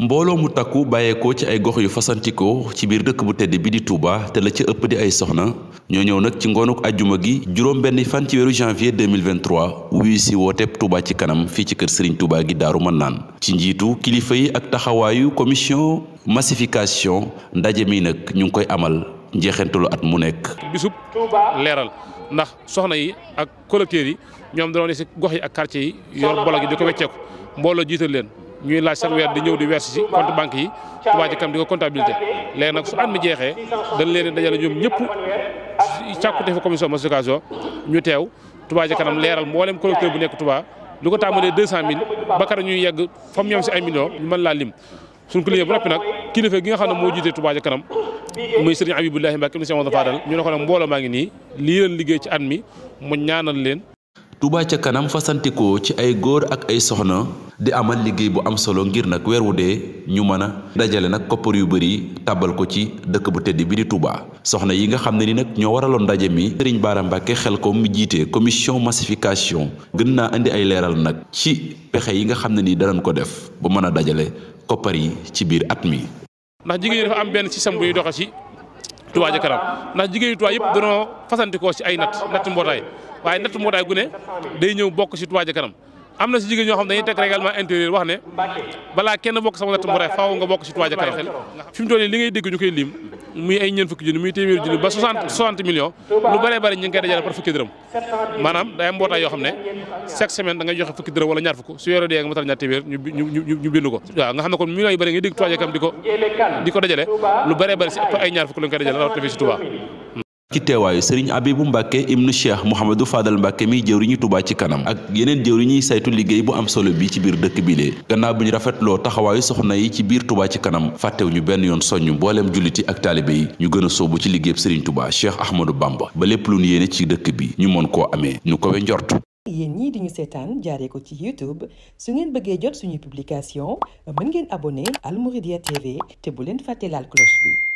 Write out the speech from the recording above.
mbooloo mu takku bàyyeekoo ci ay gox yu fasantikoo ci biir dëkk bu tedd bi di Touba te la ci ëpp di ay soxna ñoo ñëw nag ci ngoonuk ajjuma gi juróom benn fan ci weeru janvier 2023 wuyu si wooteeb Touba ci kanam fii ci kër Serigne Touba gi Daaru naan ci njiitu kilifa yi ak taxawaayu commission massification ndaje mii nag ñu ngi koy amal njeexentalu at mu nekk. bisub leeral ndax soxna yi ak collecteurs yi ñoom dañoo ne si gox yi ak quartier yi yor bolo gi mbooloo jiital leen. ñuy laaj seen weer di ñëw di weesu ci compte banque yi Touba Ca Kanam di ko comptabilité léegi nag su at mi jeexee dañ leen dajale ñoom ñëpp càkkute fa commission massification ñu teew Touba Ca Kanam leeral mboolem collecteur bu nekk Touba lu ko tàmbalee deux cent mille ba kara ñuy yegg fam ñoom ci ay millions ñu mën laa lim suñ ko liggéey bu noppi nag kilifa gi nga xam ne moo jiite Touba Ca Kanam muy sëriñ Abibullahi Mbacke mi si amoon na Fadal ñu ne ko nag ngi nii lii leen liggéey ci at mi mu ñaanal leen Touba ca kanam fasantikoo ci ay góor ak ay soxna di amal liggéey bu am solo ngir nag weer wu dee ñu mën a dajale nag koppar yu bëri tàbbal ko ci dëkk bu tedd bi di Touba soxna yi nga xam ne ni nag ñoo waraloon ndaje mi Serigne Bara Mbacke xel ko mu jiite commission massification gën naa indi ay leeral nag ci pexe yi nga xam ne ni danañ ko def ba mën a dajale koppar yi ci biir at mi. ndax jigéen ñi am benn système bu ñuy doxee Touba Ca Kanam ndax jigéen ñi Touba yëpp danoo fasantikoo ci ay natt natt mbootaay waaye natt mbootaay gu day ñëw bokk ci Touba Ca Kanam am na si jigéen ñoo xam dañuy teg règlement intérieur wax ne balaa kenn bokk sama natt mu rey faaw nga bokk si Touba ca ne chaque semaine nga matal ñaar si ay ci teewaayu sëriñ abibu mbàkke ibnu cheikh mouhamadou fadal mbàkke mi jëwriñu tubaa ci kanam ak yeneen jëwriñuy saytu liggéey bu am solo bi ci biir dëkk bi lee gannaaw bi ñu rafetloo taxawaayu soxna yi ci biir tubaa ci kanam fàttewu ñu benn yoon soññ mbooleem julliti ak taalibe yi ñu gën a soobu ci liggéeyub sëriñ tubaa cheikh ahmadou bamba ba lépp lu ñu yéene ci dëkk bi ñu mën koo amee ñu kowe njort yéen ñii di ñu seetaan jaaree ko ci youtube su ngeen bëggee jot suñuy publication mën ngeen abonné Al Mouridiyyah te bu leen fàtte laal cloche